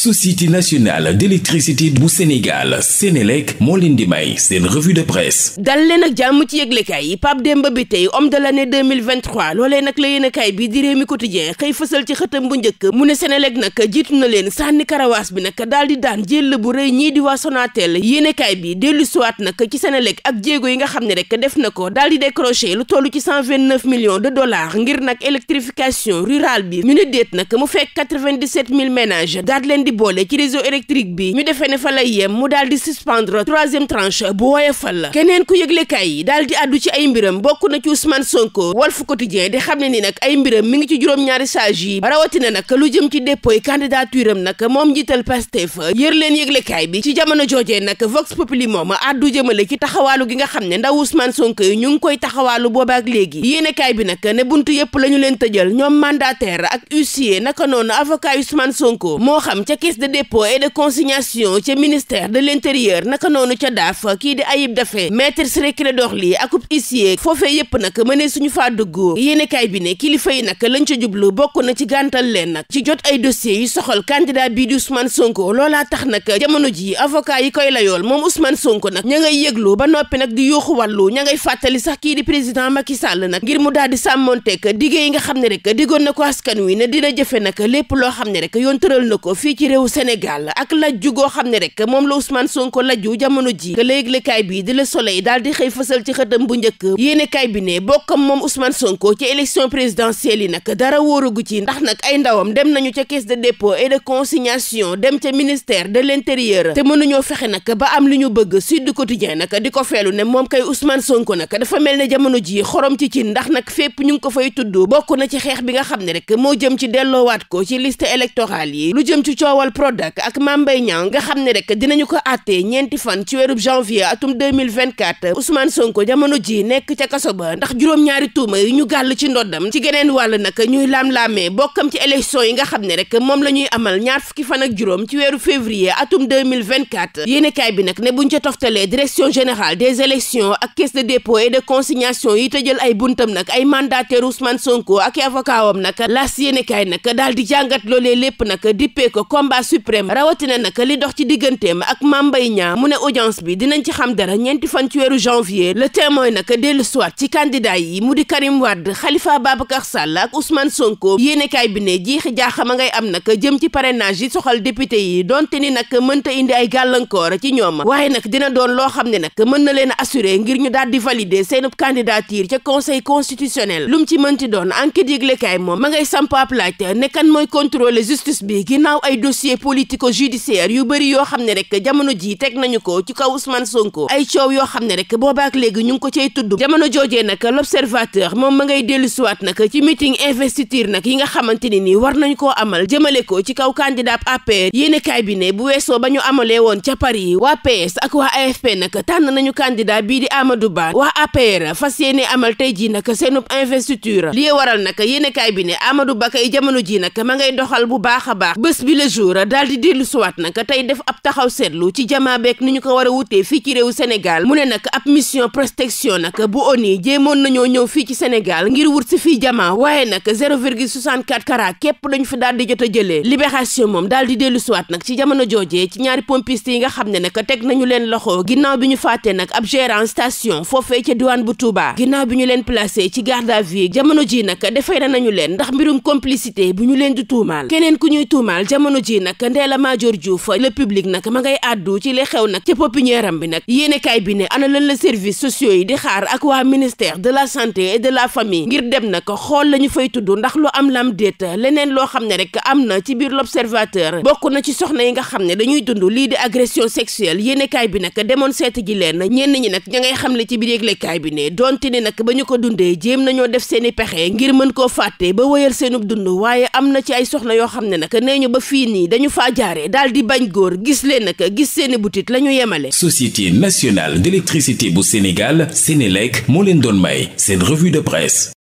société nationale d'électricité bu Sénégal Sénélec moo leen di may seen revue de presse dal leen ak jàmm ci yëglekaay yi Pape Demba bi tey homme de l'année 2023 loolee nag la yéenekaay bi di Rewmi Quotidien xëy fësal ci xëtam bu njëkk mu ne Sénélec nag jiitu na leen sànni karawaas bi nag daal di daan jël bu rëy ñii di waa Sonatel bi dellu siwaat nag ci Sénélec ak jéego yi nga xam ne rek def na ko daal di décroché lu toll ci 129 millions de dollars ngir bi ñu di boole ci réseau électrique bi ñu defee ne fa lay yem mu daal suspendre troisième tranche bu woyofal la keneen ku yëgle yi daal àddu ci ay mbiram bokk na ci Ousmane Sonko Walf Quotidien di xam ne ni nag ay mbiram mi ngi ci juróom-ñaari sages yi rawatina nag lu jëm ci dépôt yi candidature am nag moom njiital Pastef yër leen yëgle bi ci jamono joojee nag Vox Populi moom àddu jëmale ci taxawaalu gi nga xam ne ndaw Ousmane Sonko yi ñu ngi koy taxawaalu boobaak léegi yéene kaay bi nag ne buntu yëpp la ñu leen tëjal ñoom mandataire ak huissier naka noonu caisse de dépôt et de consignation ca ministère de l'intérieur naka noonu ca daaf kii di ayib metre maître Ciré Clédor lii akub huissier foofee yëpp nag mënee suñu faa dugg kaay bi ne kilifa yi nag lañ ca jublu bokk na ci gàntal leen nag ci jot ay dossiers yu soxal candidat bii di Ousmane Sonko loolaa tax nag jamono ji avocat yi koy layool moom Ousmane sonk nag ña ngay yëglu ba noppi nag di yuuxu wallu ña ngay fàttali sax kii di président Macky Sall nag ngir mu daal di sàmmonteeg diggé yi nga xam ne rek diggoon na ko askan wi ne dina jëfe nag lépp loo xam ne rek yoon na ko réew Sénégal ak lajju goo xam ne rek moom la Ousmane Sonko lajju jamono jii que léeg-lekaay bi di Le Soleil daal di xëy fësal ci xëtam bu njëkk yéenekaay bi ne bokkam moom Ousmane Sonko ci élection présidentielle yi nag dara wóorugu ci ndax nag ay ndawam dem nañu ca caisse de dépôt et de dem ca ministère de l'intérieur te mënuñoo fexe nag ba am li ñu bëgg Sud Quotidien nag di ko feelu ne moom kay Ousmane Sonko nag dafa mel ne jamono jii xorom ci ci ndax nag fépp ñu ngi ko fay tudd bokk na ci xeex bi nga xam ne rek moo jëm ci delloowaat ko ci liste électorale yi lu jëm ci coow coowal Prodac ak Mame Mbaye Niang nga xam ne rek dinañu ko àttee ñeenti fan ci weerub janvier atum 2024 Ousmane Sonko ji nekk ca kaso ba ndax juróom-ñaari tuuma yi ñu gàll ci ndoddam ci geneen wàll nag ñuy laam-laamee bokkam ci élection yi nga xam ne rek moom la amal ñaar fukki fan ak juróom ci weeru février atum yéenekaay bi nag ne ca toftalee direction générale des élections ak caisse de dépôt et de consignation yi tëjal ay buntam nag ay mandataire Ousmane Sonko combat suprême rawatina nag li dox ci digganteem ak Mame Mbaye Niang mu ne audience bi dinañ ci xam dara ñeenti fan ci weeru janvier le témoin nag dellu soit ci candidat yi mu di Karim Wade Khalifa Babacar Sall ak Ousmane Sonko yéenekaay bi ne jiixi a ngay am nag jëm ci parrainage yi soxal député yi donte ni nag mënta indi ay gàllankoor ci ñoom waaye nag dina doon loo xam ne nag mën na leen assurer ngir ñu daal di valider seen candidature ca conseil constitutionnel lu ci mënti doon enquête yëglekaay moom ma ngay samp ab laaj ne kan mooy contrôler justice bi dossier politico-judiciaire yu bëri yoo xam ne rek jamono ji teg nañu ko ci kaw Ousmane Sonko ay coow yoo xam ne rek boobaak léegi ñu ngi ko cay tudd jamono joojee nag l'observateur moom ma ngay dellu siwaat nag ci meeting investiture nag yi nga xamante ne nii war nañ koo amal jëmale ko ci kaw candidat APR yéene kaay bi ne bu weesoo ba ñu amalee woon ca Paris waa PS ak waa AFP nag tànn nañu candidat bii di amadu baax waa APR fas yéene amal tey jii nag seenub investiture li waral nag yéene bi ne Amadou Ba kay jamono ji nag ma ngay doxal bu baax a baax bés bi le Mansour daal di dellu suwaat nag tey def ab taxaw seetlu ci jamaa beek ni ñu ko war a wutee fii ci réew Sénégal mu ne nag ab mission protection nag bu ONU jéemoon nañoo ñëw fii ci Sénégal ngir wut si fii jamaa waaye nag 0,64 karat képp dañu fi daal di jot a jëlee libération moom daal di dellu suwaat nag ci jamono joojee ci ñaari pompiste yi nga xam ne nag teg nañu leen loxo ginnaaw bi ñu fàttee nag ab gérant station foofee ca diwaan bu Touba ginnaaw bi ñu leen placé ci garde à vue jamono ji nag defee nañu ji nag Ndella Madior Diouf le public nag ma ngay àddu ci li xew nag ci pépinière am bi nag yéenekaay bi ne yi di xaar ak waa la santé et de la famille ngir dem nag xool la ñu fay tudd ndax lu am la lam déet leneen loo xam ne rek am na ci biir l'observateur bokk na ci soxna yi nga xam ne dañuy dund lii di agression sexuelle yéenekaay bi nag demoon seet ji leen ñenn ñi nag ña ngay xam ne ci biir yëglekaay bi ne donte ne nag ba ñu ko dundee jéem nañoo def seen i pexe ngir mën koo fàtte ba wëyal dund waaye am na ci nii dañu faa jaaree daal di bañ góor gis leen nag gis seeni butit la ñu yemale société nationale d'électricité bu Sénégal Sénélec moo leen doon may seen revue de presse